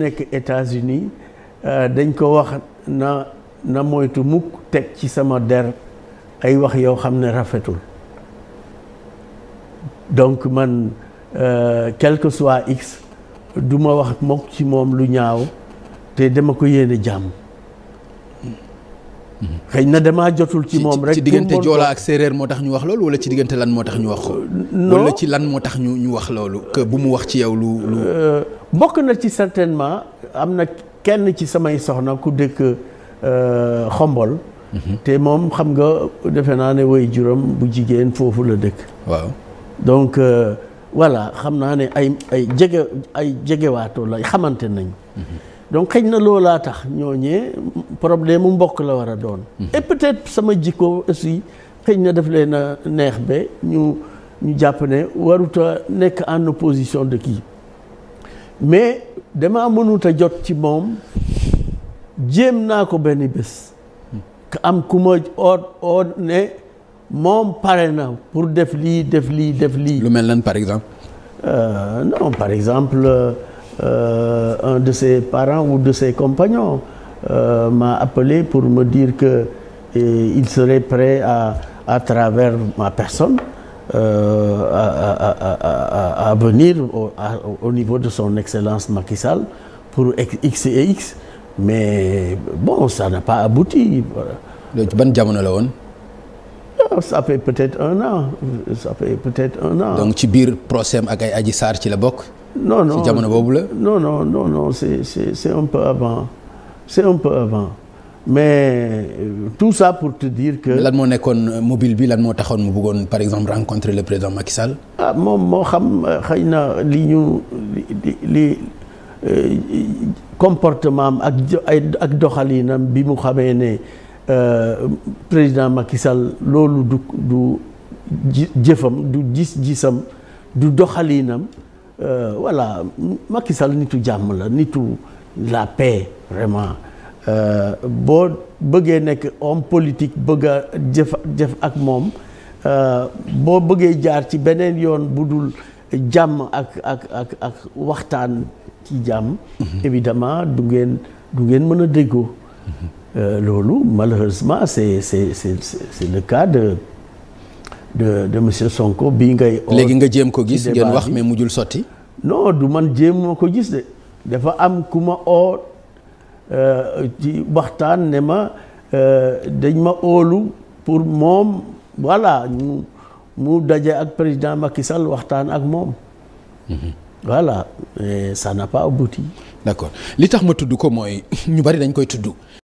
nekk États-Unis euh, dañ ko wax na na moytu mukk teg ci sama der ay wax yow xam ne rafetul donc man euh, quel que soit x duma wax mokk ci moom lu ñaaw te dama ko yéene jàmm xëy na damaa jotul ci moom rek. ci diggante joola ak séeréer moo tax ñu wax loolu wala ci diggante lan moo tax ñu wax ko. wala ci lan moo tax ñu ñu wax loolu. bu mu wax ci yow lu lu. Euh, bokk na ci certainement am na kenn ci samay soxna ku dëkk euh, xombol. Mhm. te moom xam nga defe naa ne way juróom bu jigéen foofu la dëkk. waaw donc euh, xam naa ne ay ay jege ay jegewaatoo la xamante nañ mhm. donc xëy na loo laa tax ñooñee problème mu mbokk la war a doon. Mhm. et peut-être sama jikko aussi xëy na def leen a neex ba ñu ñu jàpp ne waruta nekk en opposition de kii mais damaa mënut a jot ci moom jéem naa ko benn bés. ka am ku ma oot oot ne moom pare na pour def lii def lii def lii. lu mel nan par exemple. Euh, non par exemple. Euh, euh, un de ses parents ou de ses compagnons euh, m'a appelé pour me dire que et, il serait prêt à, à travers ma personne euh, à, venir au, niveau de son excellence Macky pour X mais bon ça n'a pas abouti. ban jamono la woon. ça fait peut-être un an ça fait peut-être un an. donc ci biir procès a ak ay Adji Sarr ci la bokk. non non si jamono boobu la. non non non non c'est c'est un peu avant c'est un peu avant mais euh, tout ça pour te dire que. lan moo nekkoon euh, mobile bi lan moo taxoon mu bëggoon par exemple rencontrer le président Macky Sall. ah moom moo xam euh, xëy na li ñu li comportement am ak ak doxaliinam bi mu xamee ne président Macky loolu du du jëfam du jis jisam du doxaliinam Euh, voilà Macky Sall nitu jàmm la nitu la paix vraiment euh, boo bëggee nekk homme politique bëgg a jëf jëf ak moom euh, boo bëggee jaar ci beneen yoon bu dul jàmm ak ak ak ak waxtaan ci jàmm mhm. évidement du ngeen du ngeen mën a déggoo mhm. loolu malheureusement c'est c'est c'est le cas de de monsieur Sonko bii ngay. léegi nga jéem ko gis ngeen wax mais jul sotti. non du man jéem ma ko gis de dafa am ku ma oo euh, ci waxtaan ne ma euh, dañ ma óolu pour moom walla mu daje ak président Macky Sall waxtaan ak moom. walla mhm. mais ça n'a pas abouti. d'accord li tax ma tudd ko mooy ñu bari dañ koy tudd.